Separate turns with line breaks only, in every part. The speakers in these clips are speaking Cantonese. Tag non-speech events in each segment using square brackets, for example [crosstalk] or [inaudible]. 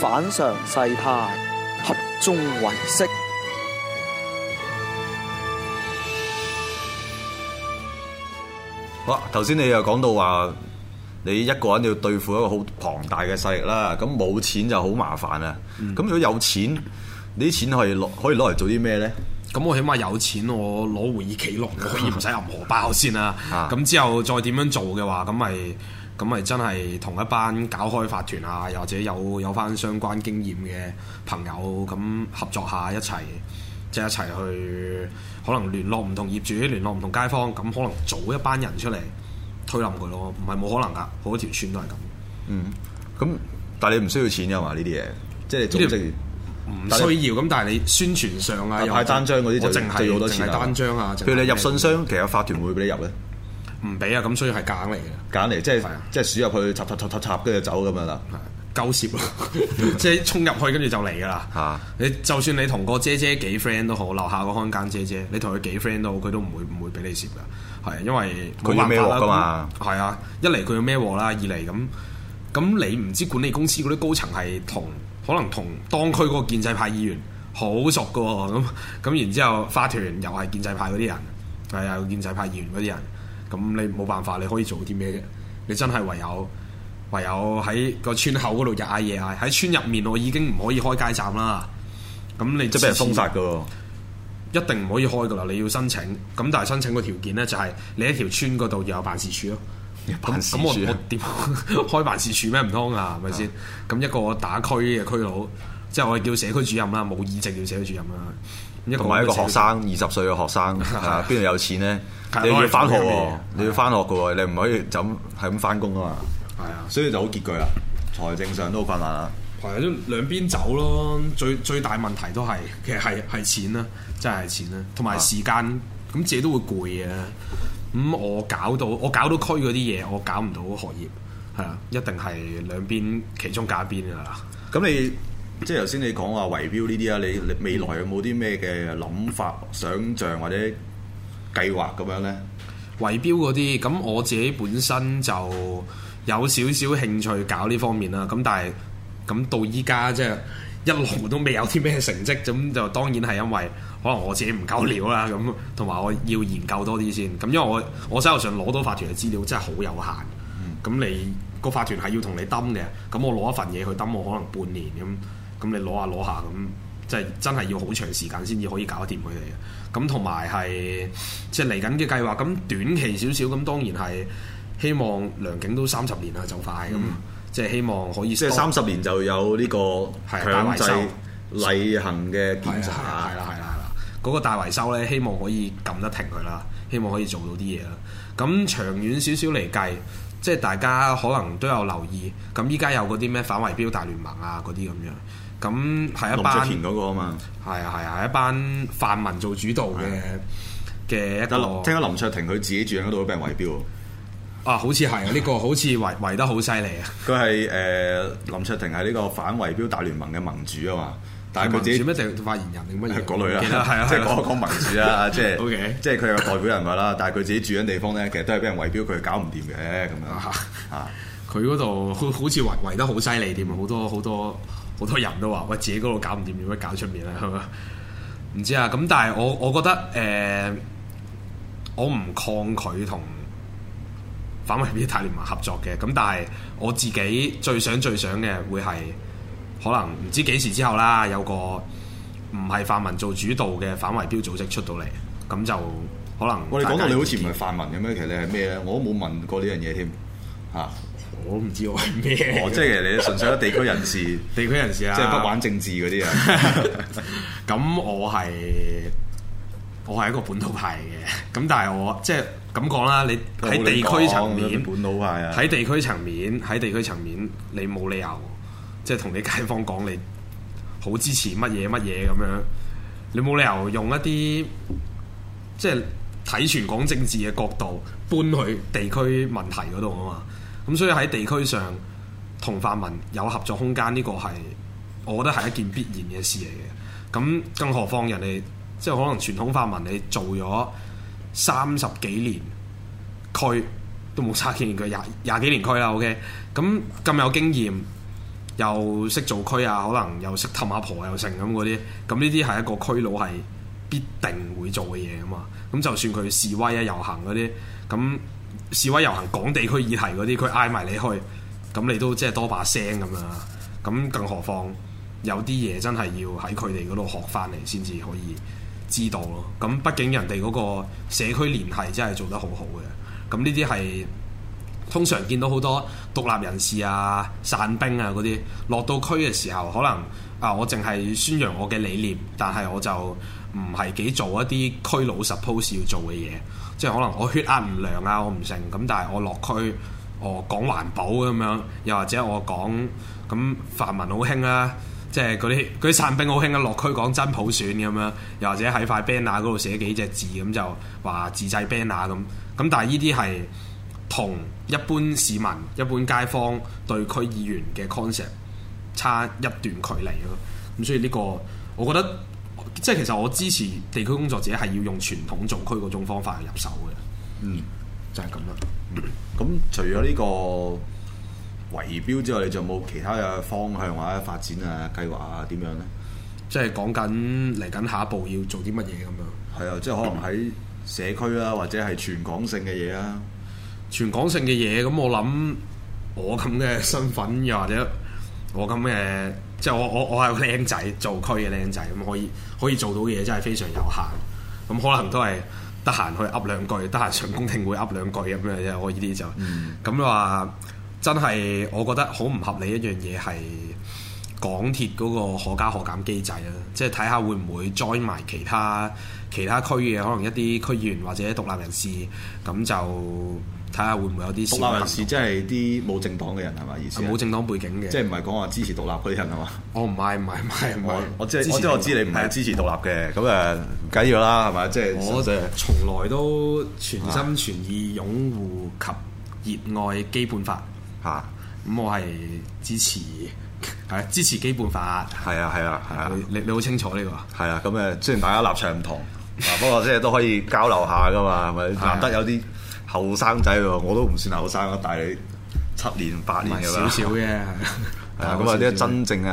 反常世態，合眾唯識。
好，頭先你又講到話，你一個人要對付一個好龐大嘅勢力啦，咁冇錢就好麻煩啊。咁、嗯、如果有錢，
你啲錢係攞可以攞嚟做啲咩咧？咁、嗯、我起碼有錢，我攞回憶起落嘅，可以唔使任何包先啊。咁之後再點樣做嘅話，咁咪？咁咪真係同一班搞開法團啊，又或者有有翻相關經驗嘅朋友咁合作下，一齊即係一齊去可能聯絡唔同業主，聯絡唔同街坊，咁可能組一班人出嚟推冧佢咯。唔係冇可能㗎，好多條村都係咁。嗯，
咁但係你唔需要錢㗎嘛？呢啲嘢即係總之唔需要。咁但係你，你，你宣傳上只啊，派單張嗰啲就淨係好多錢
啦。譬如你入信
箱，其實法團會唔俾你入咧？唔俾啊！咁所以係揀嚟嘅，揀嚟即係是即係鼠入去插插
插插插，跟住走咁樣啦，是勾蝕咯，即係衝入去，跟住就嚟噶啦。你就算你同個姐姐幾 friend 都好，樓下個看更姐姐，你同佢幾 friend 都好，佢都唔會唔會俾你蝕噶。係因為佢話咩啦嘛？係啊，啊，一嚟佢有咩鑊啦？二嚟咁咁，你唔知管理公司嗰啲高層係同可能同當區嗰個建制派議員好熟噶喎。咁咁然之後花團又係建制派嗰啲人，係又建制派議員嗰啲人。咁你冇辦法，你可以做啲咩嘅？你真係唯有唯有喺個村口嗰度日嗌夜嗌，喺村入面我已經唔可以開街站啦。咁你即畀人封殺㗎喇，一定唔可以開嘅啦。你要申請，咁但係申請個條件呢，就係你一條村嗰度要有辦事處咯。咁咁我我點開辦事處咩，唔通啊？係咪先？咁 [laughs] 一個打區嘅區佬，即係我哋叫社區主任啦，冇議席叫社區主任啦。同埋一個學生，
二十歲嘅學生，邊度 [laughs] 有錢咧？ [laughs] 你要翻學，你要翻學嘅喎， [laughs] 你唔可以就咁係咁翻工啊嘛。係是啊，所以就好拮據啦，財政上都好困難
啦。係都兩邊走咯，最最大問題都係其實係係錢啦，真係錢啦，同埋時間，咁是、啊、自己都會攰嘅。咁、嗯、我搞到我搞到區嗰啲嘢，我搞唔到學業，係啊，一定係兩邊其中揀一邊嘅啦。咁你？即係頭先你講話圍標
呢啲啊，你你未來有冇啲咩嘅諗法、想像或者計劃
咁樣呢？圍標嗰啲，咁我自己本身就有少少興趣搞呢方面啦。咁但係咁到依家即係一路都未有啲咩成績，咁就當然係因為可能我自己唔夠料啦。咁同埋我要研究多啲先。咁因為我我手頭上攞到法團嘅資料真係好有限。咁你個法團係要同你抌嘅，咁我攞一份嘢去抌，我可能半年咁。咁你攞下攞下咁，即係真係要好長時間先至可以搞掂佢哋嘅。咁同埋係即係嚟緊嘅計劃，咁短期少少咁，當然係希望良景都三十年啦，就快咁，即係希望可以即係三十年就有呢個強制例行嘅檢查係啦係啦係啦。嗰個大維修咧，希望可以撳得停佢啦，希望可以做到啲嘢啦。咁長遠少少嚟計，即係大家可能都有留意，咁依家有嗰啲咩反圍標大聯盟啊，嗰啲咁樣。咁係啊，一班林卓廷嗰個啊嘛，係啊係啊，一班泛民做主導嘅嘅是、啊、一個。聽、就、講、是、林卓廷佢自己住喺嗰度都俾人圍標 [laughs] 啊，好似係啊，呢、這個好似圍圍得好犀
利啊。佢係誒林卓廷係呢個反圍標大聯盟嘅盟主啊嘛，但係佢自己咩定發言人定乜嘢？嗰、哎、類啊，即係講講民主啊，即係 OK，即係佢有個代表人物啦。但係佢自己住緊地方咧，其實都係俾人圍標，佢搞唔掂嘅咁樣 [laughs] 啊。佢嗰度
好似圍圍得好犀利添，好多好多。好多人都話，喂，自己嗰度搞唔掂，做乜搞出面咧？係嘛？唔知啊。咁但係我，我覺得，誒、呃，我唔抗拒同反圍標大聯盟合作嘅。咁但係我自己最想、最想嘅，會係可能唔知幾時之後啦，有個唔係泛民做主導嘅反圍標組織出到嚟，咁就可能。我哋講到你好似
唔係泛民咁樣？其實你係咩咧？我都冇問過呢樣嘢添，嚇、啊。我唔知我係咩。哦，即係你純粹一地區人士，
[laughs] 地區人士啊，即係不玩政治嗰啲啊。 [laughs] [laughs] [laughs] 咁我係我係一個本土派嘅，咁 [laughs] 但係我即係咁講啦，你喺地區層面，面本
土派啊，喺地
區層面，喺地區層面，你冇理由即係同你街坊講你好支持乜嘢乜嘢咁樣，你冇理由用一啲即係睇全港政治嘅角度搬去地區問題嗰度啊嘛。咁所以喺地區上同泛民有合作空間，呢個係我覺得係一件必然嘅事嚟嘅。咁更何況人哋即係可能傳統泛民，你做咗三十幾年區都冇差幾年區，廿廿幾年區啦。OK，咁咁有經驗又識做區啊，可能又識氹阿婆又成咁嗰啲，咁呢啲係一個區佬係必定會做嘅嘢啊嘛。咁就算佢示威啊、遊行嗰啲咁。示威遊行講地區議題嗰啲，佢嗌埋你去，咁你都即係多把聲咁樣。咁更何況有啲嘢真係要喺佢哋嗰度學返嚟，先至可以知道咯。咁畢竟人哋嗰個社區聯繫真係做得好好嘅。咁呢啲係通常見到好多獨立人士啊、散兵啊嗰啲，落到區嘅時候可能。啊！我淨係宣揚我嘅理念，但係我就唔係幾做一啲區老 suppose 要做嘅嘢，即係可能我血壓唔量啊，我唔成咁，但係我落區，我講環保咁、啊、樣，又或者我講咁泛民好興啦，即係嗰啲啲散兵好興啊，落區講真普選咁、啊、樣，又或者喺塊 banner 嗰度寫幾隻字咁、嗯、就話自製 banner 咁、啊，咁但係呢啲係同一般市民、一般街坊對區議員嘅 concept。差一段距離咯，咁所以呢個，我覺得即係其實我支持地區工作者係要用傳統做區嗰種方法嚟入手嘅。嗯，
就係咁啦。咁、嗯、除咗呢個圍標之外，你仲有冇其他嘅方向或者發展啊、嗯、計劃啊點樣咧？即係
講緊嚟緊下一步要做啲乜嘢咁樣？係啊，即係可能喺社區啦、啊，或者係全港性嘅嘢啦。全港性嘅嘢，咁我諗我咁嘅身份、啊，又或者。我咁嘅，即係我我我係個僆仔做區嘅僆仔，咁可以可以做到嘅嘢真係非常有限，咁可能都係得閒去噏兩句，得閒上公聽會噏兩句咁樣啫。我呢啲就咁話、嗯，真係我覺得好唔合理一樣嘢係港鐵嗰個可加可減機制啦，即係睇下會唔會 join 埋其他其他區嘅可能一啲區議員或者獨立人士，咁就。睇會唔會有啲獨立人士，即係啲冇政黨嘅人係
嘛意思？冇政黨背景嘅，即係唔係講話支持獨立嗰啲人係嘛？我唔係唔係唔係，我我即係我知你唔係支持獨立嘅，咁
唔緊要啦係咪？即係我就從來都全心全意擁護及熱愛基本法嚇，咁我係支持係支持基本法，係啊係啊係啊！你你好
清楚呢個係啊，咁誒雖然大家立場唔同，不過即係都可以交流下噶嘛，係咪難得有啲？後生仔喎，我都唔算後生啊，但係七年八年少 [laughs] 少啫。
係啊，咁啊啲真
正嘅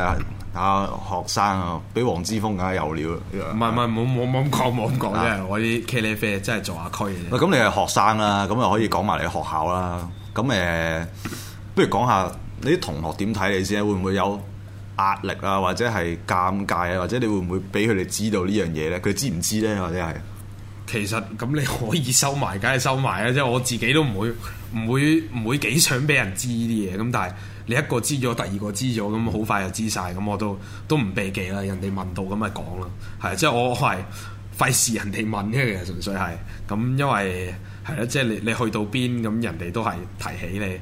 啊學生啊，比黃之鋒梗係有料，唔係唔係，冇冇冇咁講，冇咁講，因為我啲茄喱啡真係做下區嘅。咁你係學生啦，咁又可以講埋你學校啦。咁誒、呃，不如講下你啲同學點睇你先，會唔會有壓力啊，或者係尷尬啊，或者你會唔會俾佢哋知道知不知不知呢樣嘢咧？佢知唔知咧？或者係？
其實咁你可以收埋，梗係收埋啊！即係我自己都唔會唔會唔會幾想俾人知呢啲嘢。咁但係你一個知咗，第二個知咗，咁好快就知晒。咁我都都唔避忌啦。人哋問到咁咪講囉，係即係我係費事人哋問啫，其實純粹係咁，因為係啦，即係你你去到邊咁，人哋都係提起你。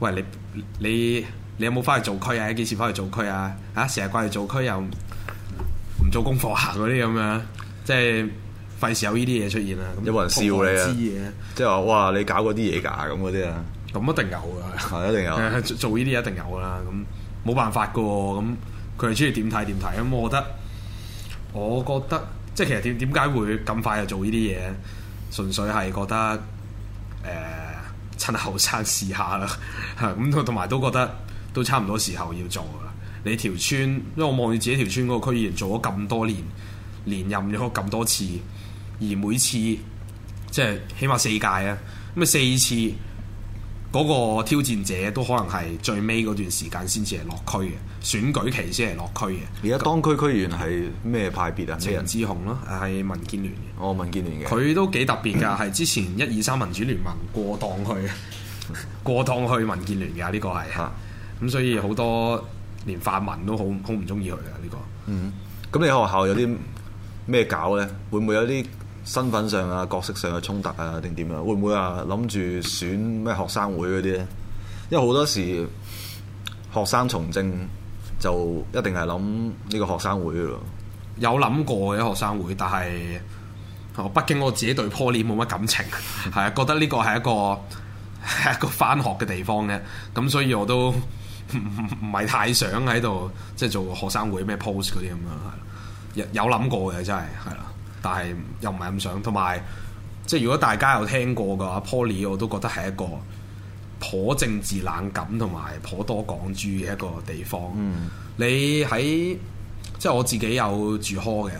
喂，你你你有冇翻去做區啊？幾時翻去做區啊？嚇、啊！成日掛住做區又唔做功課行嗰啲咁樣即係。費事有呢啲嘢出現啦，咁有冇人笑你啊知嘢？即係話哇，你搞嗰啲嘢㗎咁嗰啲啊？咁一定有噶，一定有做呢啲一定有啦。咁冇、嗯嗯、辦法噶喎。咁佢係中意點睇點睇咁？我覺得，我覺得即係其實點點解會咁快就做呢啲嘢？純粹係覺得誒，趁、呃、後生試，試下啦。咁同埋都覺得都差唔多時候要做啦。你條村，因為我望住自己條村嗰個區議員做咗咁多年，連任咗咁多次。而每次即係起碼四屆啊，咁啊四次嗰、那個挑戰者都可能係最尾嗰段時間先至係落區嘅，選舉期先係落區嘅。而家當區區員係咩派別啊？陳志雄咯，係人、呃、民建聯嘅。哦，民建聯嘅，佢都幾特別㗎，係、嗯、之前一二三民主聯盟過檔去， [laughs] 過檔去民建聯㗎，呢、這個係嚇。咁、啊嗯、所以好多連泛民都好好唔中意佢啊，呢、這個。嗯，
咁你學校有啲咩搞咧？會唔會有啲？身份上啊、角色上嘅衝突啊，定點啊，會唔會啊諗住選咩學生會嗰啲咧？因為好多時
學生從政就一定係諗呢個學生會咯。有諗過嘅學生會，但係哦，畢竟我自己對 Poly 冇乜感情，係啊， [laughs] 覺得呢個係一個，係一個翻學嘅地方嘅，咁所以我都唔係太想喺度即係做學生會咩 post 嗰啲咁樣，係有諗過嘅真係。係啦。但係又唔係咁想，同埋即係如果大家有聽過嘅話，Polly 我都覺得係一個頗政治冷感同埋頗多港豬嘅一個地方。嗯、你喺即係我自己有住科嘅，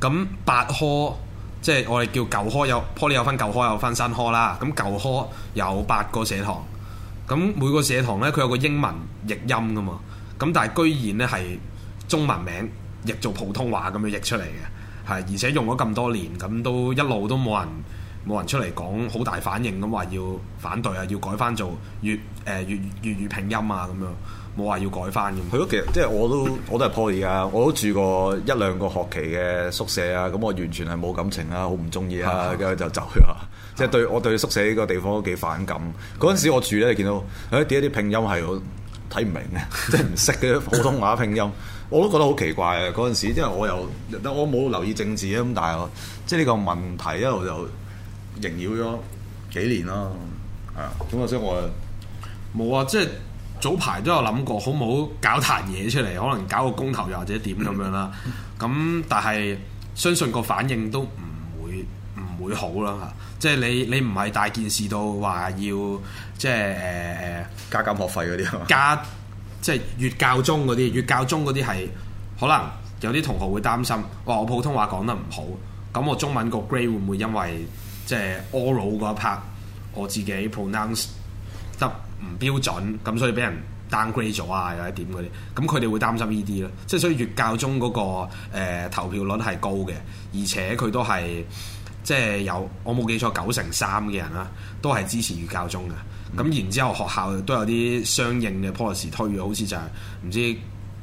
咁八科即係我哋叫舊科，有 Polly 有分舊科有分新科啦。咁舊科有八個社堂，咁每個社堂呢，佢有個英文譯音噶嘛，咁但係居然呢係中文名譯做普通話咁樣譯出嚟嘅。係，而且用咗咁多年，咁都一路都冇人冇人出嚟講好大反應咁話要反對啊，要改翻做粵誒粵粵語拼音啊咁樣，冇話要改翻咁。
係咯，其實即係我都我都係 Poly 啊，我都住過一兩個學期嘅宿舍啊，咁我完全係冇感情啦，好唔中意啊，跟住、啊、 [laughs] 就走咗。即係對我對宿舍呢個地方都幾反感。嗰陣 [laughs] 時我住咧，你見到誒點一啲拼音係好？睇唔明咧，即係唔識嘅普通話拼音， [laughs] 我都覺得好奇怪啊！嗰陣時，因為我又我冇留意政治咧，咁但係即係呢個問題一路就
縈繞咗幾年啦。啊，咁啊即以我冇啊，即係早排都有諗過，好唔好搞壇嘢出嚟，可能搞個公投又或者點咁樣啦，咁 [laughs] 但係相信個反應都唔會唔會好啦嚇。即係你你唔係大件事到話要即係誒、呃、加減學費嗰啲加即係粵教中嗰啲，粵教中嗰啲係可能有啲同學會擔心，話、哦、我普通話講得唔好，咁我中文個 grade 會唔會因為即係 oral 嗰一 part 我自己 pronounce 得唔標準，咁所以俾人 down grade 咗啊，又係點嗰啲，咁佢哋會擔心呢啲咯。即係所以粵教中嗰、嗰個、呃、投票率係高嘅，而且佢都係。即係有，我冇記錯，九成三嘅人啦，都係支持粵教中嘅。咁然之後，學校都有啲相應嘅 poly 時推嘅，好似就係唔知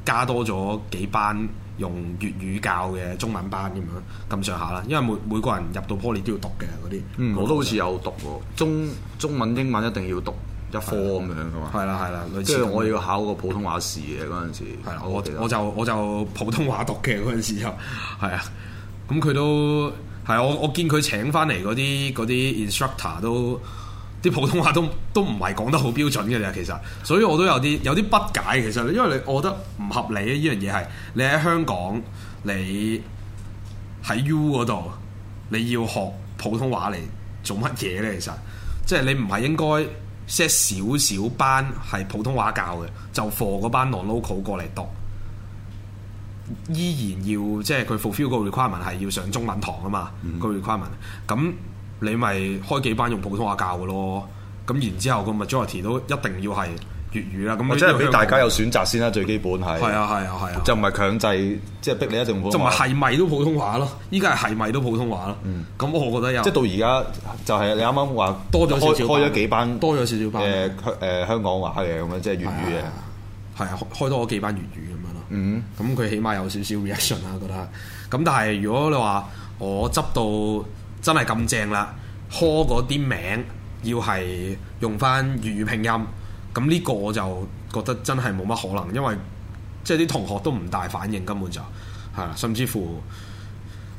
加多咗幾班用粵語教嘅中文班咁樣咁上下啦。因為每每個人入到 poly 都要讀嘅嗰啲，我都好似有讀喎。中中文英文一定要讀一科咁樣嘅嘛。係啦係啦，類似我要考個普通話試嘅嗰陣時。係啦，我就我就普通話讀嘅嗰陣時就係啊，咁佢都。係我我見佢請翻嚟嗰啲嗰啲 instructor 都啲普通話都都唔係講得好標準嘅咧，其實，所以我都有啲有啲不解其實，因為你我覺得唔合理啊依樣嘢係，你喺香港你喺 U 嗰度，你要學普通話嚟做乜嘢咧？其實，即係你唔係應該 set 少少班係普通話教嘅，就課嗰班 nonlocal 過嚟讀。依然要即係佢 fulfil 嗰個 requirement 係要上中文堂啊嘛，嗰個 requirement 咁你咪開幾班用普通話教嘅咯，咁然之後個 majority 都一定要係粵語啦，咁即係俾大家有選
擇先啦，最基本係係啊係啊係啊。就唔係強制即係逼你一定要就唔係係咪都普通話咯，依家係係咪都普通話咯，咁我覺得有即係到而家
就係你啱啱話多咗少少開咗幾班多咗少少班嘅香香港話嘅咁樣，即係粵語啊。係啊，開多幾班粵語咁啊。嗯，咁佢起碼有少少 reaction 啦，我覺得。咁但係如果你話我執到真係咁正啦，呵啲名要係用翻粵語拼音，咁呢個我就覺得真係冇乜可能，因為即係啲同學都唔大反應，根本就係啦，甚至乎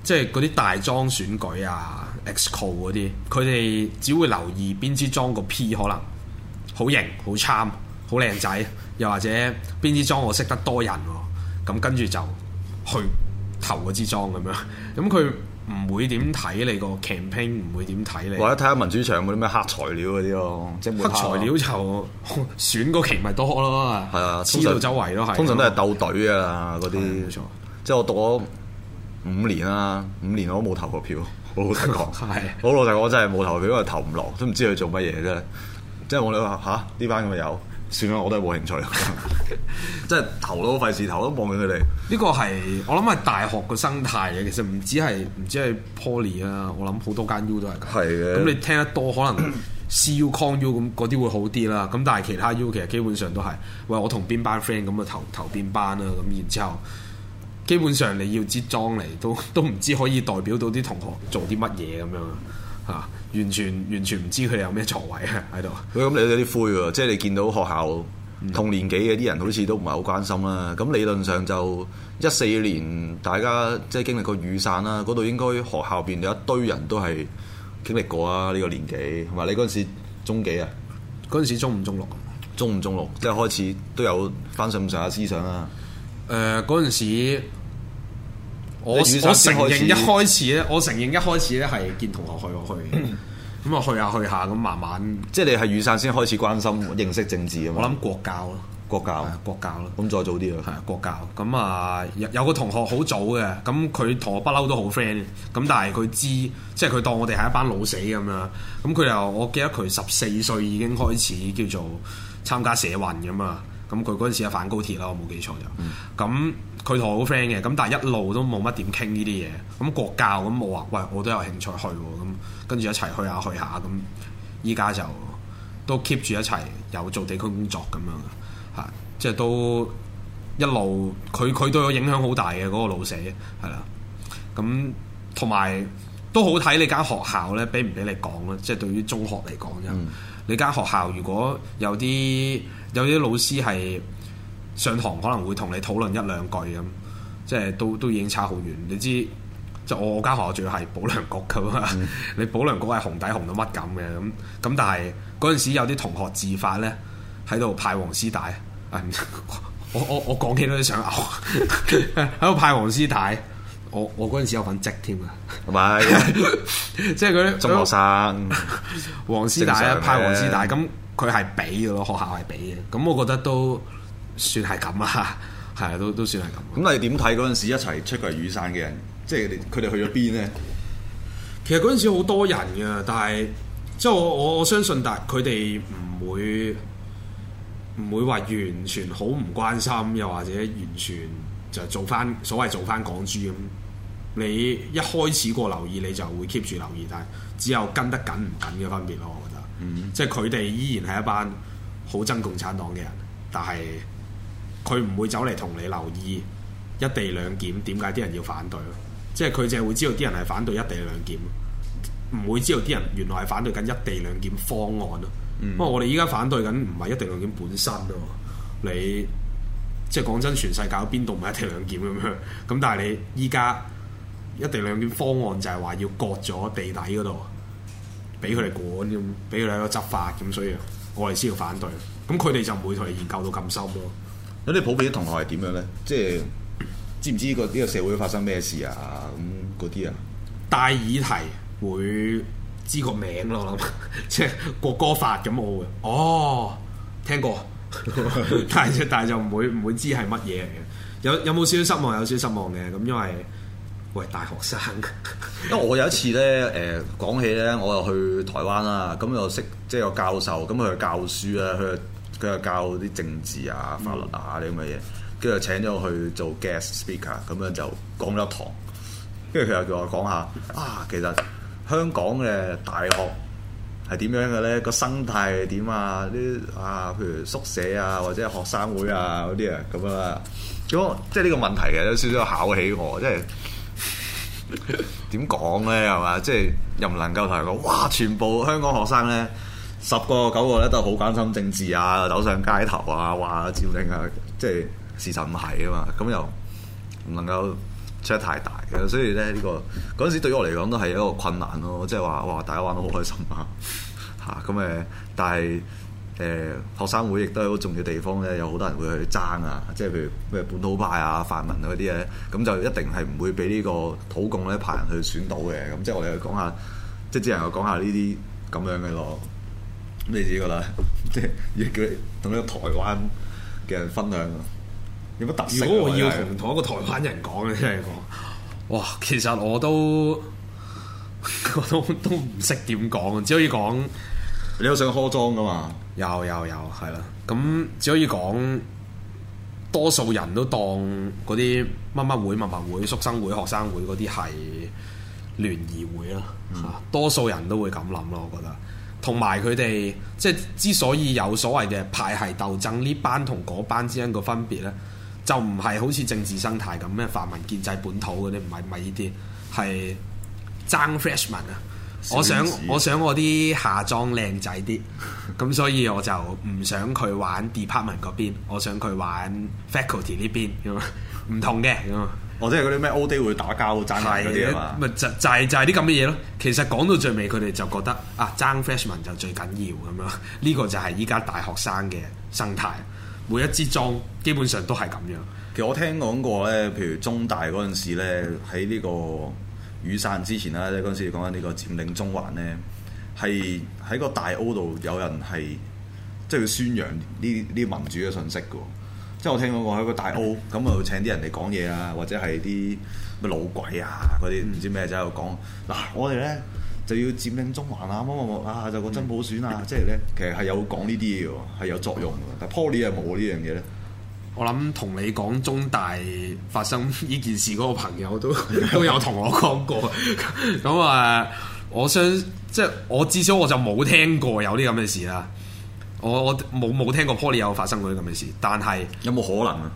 即係啲大莊選舉啊，Exco 啲，佢哋只會留意邊支莊個 P 可能好型、好 charm、好靚仔，又或者邊支莊我識得多人。咁跟住就去投嗰支莊咁樣，咁佢唔會點睇你個 campaign，唔會點睇你。或者
睇下民主場有冇啲咩黑材料嗰啲咯，即係、啊、黑材料就選個期咪多咯。係啊，黐到周圍咯，係。通常都係鬥隊啊，嗰啲、啊。啊、即係我讀咗五年啦，五年我都冇投過票。老實講，係。好老實講，真係冇投票，因為投唔落、啊，都唔知佢做乜嘢啫。即係我你話吓，呢班咁咪有。算啦，我
都係冇興趣 [laughs] 即，即係投都費事投，都望見佢哋。呢個係我諗係大學個生態嘅，其實唔只係唔只係 Poly 啦、啊，我諗好多間 U 都係。係嘅。咁你聽得多，可能 CU、港 U 咁嗰啲會好啲啦。咁但係其他 U 其實基本上都係，喂我同邊班 friend 咁啊投投邊班啦、啊。咁然之後，基本上你要支裝嚟，都都唔知可以代表到啲同學做啲乜嘢咁樣啊。完全完全唔知佢哋有咩作為喺度。
佢咁你有啲灰喎，即係你見到學校同年紀嘅啲人，好似都唔係好關心啦。咁理論上就一四年，大家即係經歷過雨傘啦。嗰度應該學校邊有一堆人都係經歷過啊。呢個年紀同埋你嗰陣時中幾啊？嗰陣 [laughs] 時中五中六，中五中六即係開始都有翻上唔上嘅思想啦。誒嗰陣時。我我承認一開
始咧，我承認一開始咧係見同學去，我去咁 [coughs] 啊去下去下，咁慢慢即係你係雨傘先開始關心認識政治啊嘛。嗯、我諗國
教咯，國教，國教咯。咁再早啲啊，係國教。
咁啊有個同學好早嘅，咁佢同我不嬲都好 friend。咁但係佢知，即係佢當我哋係一班老死咁樣。咁佢又我記得佢十四歲已經開始叫做參加社運咁啊。咁佢嗰陣時係反高鐵啦，我冇記錯就咁。嗯佢同我好 friend 嘅，咁但係一路都冇乜點傾呢啲嘢。咁國教咁我話：喂，我都有興趣去，咁跟住一齊去下，去下咁。依家就都 keep 住一齊，有做地區工作咁樣吓，即係都一路佢佢對我影響好大嘅嗰個老師係啦。咁同埋都好睇你間學校咧，俾唔俾你講啦。即係對於中學嚟講，就、嗯、你間學校如果有啲有啲老師係。上堂可能會同你討論一兩句咁，即係都都已經差好遠。你知就我間學校仲要係保良局㗎嘛？嗯、你保良局係紅底紅到乜咁嘅咁咁，但係嗰陣時有啲同學自發咧喺度派黃絲帶，哎，我我我講起都想嘔，喺 [laughs] 度派黃絲帶。我我嗰陣時有份職添呀，唔係即係嗰啲中學生黃絲帶派黃絲帶。咁佢係俾嘅咯，學校係俾嘅。咁我覺得都。算係咁啊，係 [laughs] 啊，都都算係咁。咁你點睇嗰陣時一齊出曬雨傘嘅人？即係佢哋去咗邊呢？ [laughs] 其實嗰陣時好多人嘅，但係即係我我相信，但係佢哋唔會唔會話完全好唔關心，又或者完全就做翻所謂做翻港豬咁。你一開始過留意，你就會 keep 住留意，但係只有跟得緊唔緊嘅分別咯。我覺得，即係佢哋依然係一班好憎共產黨嘅人，但係。佢唔會走嚟同你留意一地兩檢，點解啲人要反對咯？即係佢淨係會知道啲人係反對一地兩檢，唔會知道啲人原來係反對緊一地兩檢方案咯。不過、嗯、我哋依家反對緊唔係一地兩檢本身咯、啊，你即係講真，全世界邊度唔係一地兩檢咁樣咁？但係你依家一地兩檢方案就係話要割咗地底嗰度俾佢哋管，咁俾佢哋一個執法，咁所以我哋先要反對。咁佢哋就唔會同你研究到咁深咯。有啲普遍啲同學係點樣咧？即係知唔知個呢個社會發生咩事啊？咁嗰啲啊，大議題會知個名咯，我諗，即係國歌法咁，我會哦聽過， [laughs] 但係但係就唔會唔會知係乜嘢嚟嘅。有有冇少少失望？有少少失望嘅，咁因為我係大學生。
因為我有一次咧，誒、呃、講起咧，我又去台灣啦，咁又識即係個教授，咁佢教書啊，佢。佢又教啲政治啊、法律啊啲咁嘅嘢，跟住請咗去做 guest speaker，咁樣就講咗一堂。跟住佢又叫我講下啊，其實香港嘅大學係點樣嘅咧？個生態係點啊？啲啊，譬如宿舍啊，或者學生會啊嗰啲啊咁啊。咁即係呢個問題嘅，有少少考起我，即係點講咧？係嘛？即係又唔能夠同佢講，哇！全部香港學生咧。十個九個咧都係好關心政治啊，走上街頭啊，話照領啊，即係事實唔係啊嘛，咁又唔能夠出得太大嘅，所以咧呢、呢個嗰陣時對於我嚟講都係一個困難咯、啊，即係話哇，大家玩得好開心啊嚇咁誒，但係誒、呃、學生會亦都係好重要地方咧，有好多人會去爭啊，即係譬如咩本土派啊、泛民嗰啲嘢，咁就一定係唔會俾呢個土共咧派人去選到嘅，咁即係我哋講下，即係只能夠講下呢啲咁樣嘅咯。你自己覺得，即係要佢同呢個台灣
嘅人分享啊！有乜特色啊？如果我要同同一個台灣人講嘅真係講， [laughs] 哇！其實我都我都都唔識點講，只可以講你好想開莊噶嘛？有有有，係啦。咁只可以講，多數人都當嗰啲乜乜會、乜乜會、宿生會、學生會嗰啲係聯誼會啦。嗯、多數人都會咁諗咯，我覺得。同埋佢哋即係之所以有所謂嘅派系鬥爭，呢班同嗰班之間個分別呢，就唔係好似政治生態咁咩，泛民建制本土嗰啲，唔係唔係呢啲，係爭 freshman 啊！我想我想我啲下裝靚仔啲，咁 [laughs] 所以我就唔想佢玩 department 嗰邊，我想佢玩 faculty 呢邊咁唔 [laughs] 同嘅的 [laughs] [laughs] 或者係嗰啲咩 O day 會打交爭嗰啲啊嘛，咪的就就係啲咁嘅嘢咯。其實講到最尾，佢哋就覺得啊，爭 freshman 就最緊要咁樣。呢、這個就係依家大學生嘅生態。每一支裝基本上都係咁樣。其實我聽講過咧，譬如中大嗰陣時
咧，喺呢個雨傘之前啦，即係嗰陣時講緊呢個佔領中環咧，係喺個大 O 度有人係即係要宣揚呢啲民主嘅信息嘅。即我聽講過喺個大 O，咁啊請啲人嚟講嘢啊，或者係啲乜老鬼啊嗰啲唔知咩仔喺度講。嗱，我哋咧就要佔領中環啊，乜乜乜啊，就個真普選啊，即係咧其實係有講呢啲嘢喎，係有作用嘅。但 Poly 係冇
呢樣嘢咧。我諗同你講中大發生呢件事嗰個朋友都 [laughs] 都有同我講過。咁 [laughs] 啊，uh, 我想即我至少我就冇聽過有啲咁嘅事啦。我我冇冇聽過 Poly 有發生過啲咁嘅事，但係有冇可能啊？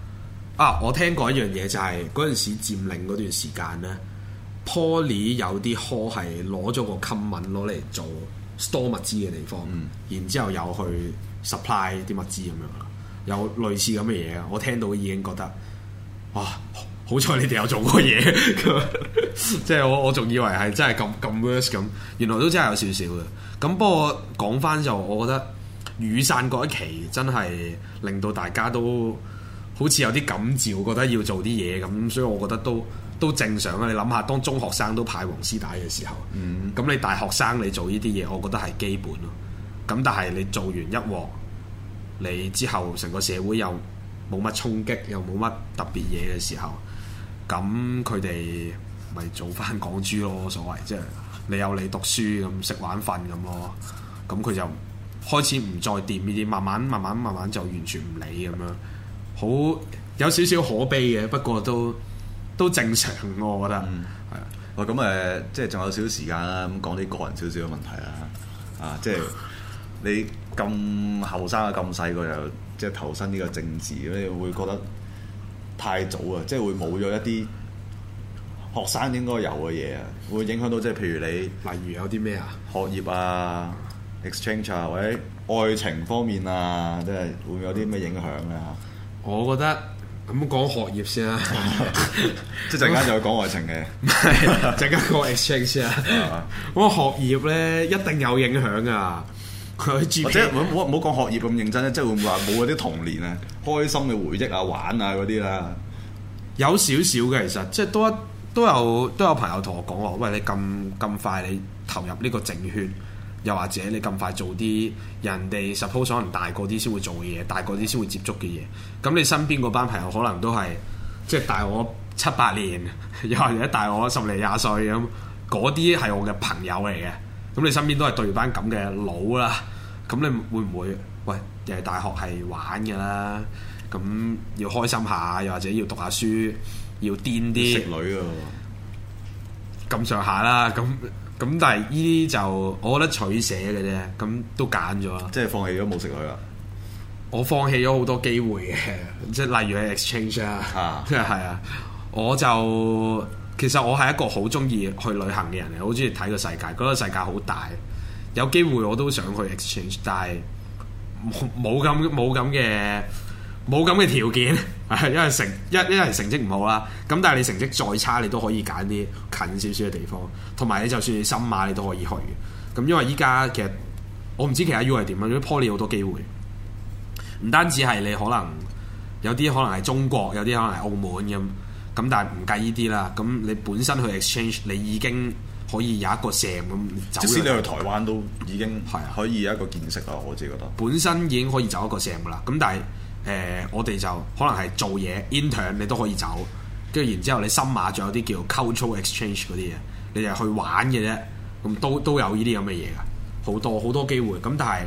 啊，我聽過一樣嘢就係嗰陣時佔領嗰段時間咧 [music] ，Poly 有啲科係攞咗個坑文攞嚟做 store 物資嘅地方，嗯、然之後又去 supply 啲物資咁樣啦，有類似咁嘅嘢啊！我聽到已經覺得哇，好彩你哋有做過嘢，即 [laughs] 係 [laughs] 我我仲以為係真係咁咁 worse 咁，原來都真係有少少嘅。咁不過講翻就，我覺得。雨傘嗰一期真係令到大家都好似有啲感召，覺得要做啲嘢咁，所以我覺得都都正常啊！你諗下，當中學生都派黃絲帶嘅時候，咁、嗯、你大學生你做呢啲嘢，我覺得係基本咯。咁但係你做完一鑊，你之後成個社會又冇乜衝擊，又冇乜特別嘢嘅時候，咁佢哋咪做翻港豬咯？所謂即係、就是、你有你讀書咁食晚飯咁咯，咁佢就。開始唔再掂呢啲，慢慢慢慢慢慢就完全唔理咁樣，好有少少可悲嘅。不過都都正常，
我覺得、嗯。係。哇、嗯，咁、嗯、誒，即係仲有少少時間啦，咁、嗯、講啲個人少少嘅問題啦。啊，即係的你咁後生啊，咁細個又，即係投身呢個政治你會覺得太早啊！即係會冇咗一啲學生應該有嘅嘢啊，會影響到即係譬如你，例如有啲咩啊，學業啊。嗯 exchange 或、啊、者愛情方面啊，即係會有啲咩影
響啊？我覺得咁講學業先啦、啊，即係陣間就會講愛情嘅 [laughs] 是，唔係，陣間講 exchange 先啦、啊。吧我學業咧一定有影響㗎！佢自己
冇冇冇講學業咁認真咧，即、就、係、是、會唔會話冇嗰啲童年啊、
開心嘅回憶啊、玩啊嗰啲啦？有少少嘅其實，即係多一都有都有朋友同我講話，喂，你咁咁快你投入呢個政圈。又或者你咁快做啲人哋 suppose [music] 可能大個啲先會做嘅嘢，大個啲先會接觸嘅嘢。咁你身邊嗰班朋友可能都係即係大我七八年，又或者大我十嚟廿歲咁。嗰啲係我嘅朋友嚟嘅。咁你身邊都係對住班咁嘅佬啦。咁你會唔會？喂，誒大學係玩㗎啦。咁要開心下，又或者要讀下書，要癲啲。識女㗎嘛、啊？咁上下啦，咁。咁但係依啲就我覺得取捨嘅啫，咁都揀咗啦。即係放棄咗冇食佢啦。我放棄咗好多機會嘅，即係例如去 exchange 啊，即係啊， [laughs] 我就其實我係一個好中意去旅行嘅人，嚟，好中意睇個世界，覺得世界好大，有機會我都想去 exchange，但係冇咁冇咁嘅。冇咁嘅條件，因為成一因為成績唔好啦。咁但係你成績再差，你都可以揀啲近少少嘅地方。同埋你就算你深馬，你都可以去。咁因為依家其實我唔知其他 U 係點啦，因為 Poly 好多機會。唔單止係你可能有啲可能係中國，有啲可能係澳門咁。咁但係唔計呢啲啦。咁你本身去 exchange，你已經可以有一個 sam 咁。走先。即使你去台灣都已經係可以有一個見識啦。啊、我自己覺得本身已經可以走一個 sam 噶啦。咁但係。誒、呃，我哋就可能係做嘢 intern，你都可以走。跟住然之後，你深馬仲有啲叫 cultural exchange 嗰啲嘢，你就去玩嘅啫。咁都都有呢啲咁嘅嘢噶，好多好多機會。咁但係，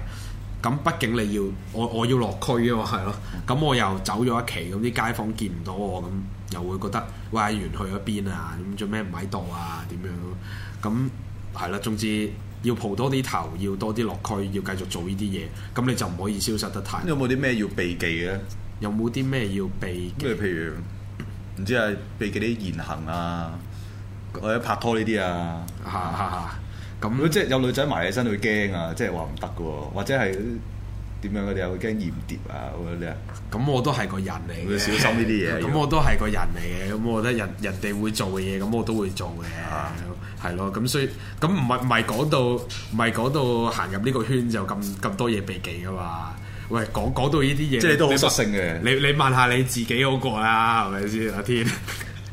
咁畢竟你要我我要落區啊嘛，係咯。咁我又走咗一期，咁啲街坊見唔到我，咁又會覺得喂，阿源去咗邊啊？咁做咩唔喺度啊？點樣？咁係啦，總之。要蒲多啲頭，要多啲落區，要繼續做呢啲嘢，咁你就唔可以消失得太。有冇啲咩要避忌嘅？有冇啲咩要避忌？即係譬如唔知啊，避忌啲言行啊，
或者拍拖呢啲啊。哈哈。嚇！咁。如果即係有女仔埋喺身，會驚啊！即係話唔得嘅喎，或者係。點樣佢哋又會驚鹽碟啊？我哋啊，
咁我都係個人嚟嘅，小心呢啲嘢。咁我都係個人嚟嘅，咁我覺得人人哋會做嘅嘢，咁我都會做嘅，係咯、啊。咁所以，咁唔係唔係講到，唔係講到行入呢個圈就咁咁多嘢避忌噶嘛？喂，講講到呢啲嘢，即係你都好實性嘅。你你問下你自己好過啦，係咪先阿天？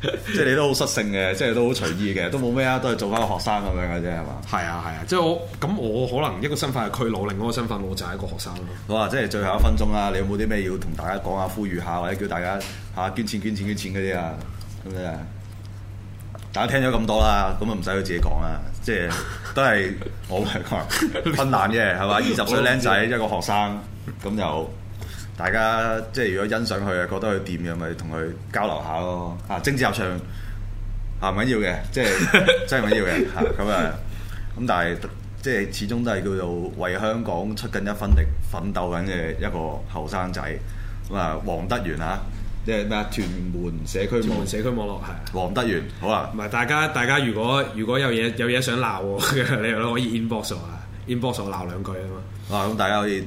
[laughs] 即係你都好失性
嘅，即係都好隨意嘅，都冇咩啊，都係做翻個學生咁樣嘅啫，係嘛？係啊係啊，啊 [laughs] 即係我咁我可
能一個身份
係區羅寧，另一個身份，我就係一個學生咯。好啊，即係最後一分鐘啦，你有冇啲咩要同大家講下、呼籲下，或者叫大家吓捐錢、捐錢、捐錢嗰啲啊？咁啊，大家聽咗咁多啦，咁啊唔使佢自己講啦，即係都係 [laughs] 我嚟講困難啫，係嘛？二十歲靚仔一個學生咁 [laughs] [laughs] 就大家即係如果欣賞佢啊，覺得佢掂嘅，咪同佢交流下咯。啊，政治合唱啊唔緊要嘅，即係 [laughs] 真係唔緊要嘅嚇。咁啊，咁但係即係始終都係叫做為香港出緊一分力、奮鬥緊嘅一個後生仔。咁啊，王德源
啊，即係咩啊？屯門社區社區網絡係啊，王德源好啊。唔係大家，大家如果如果有嘢有嘢想鬧嘅， [laughs] 你可以 inbox 我啦，inbox 我鬧兩句啊嘛。啊，咁、
啊、大家可以。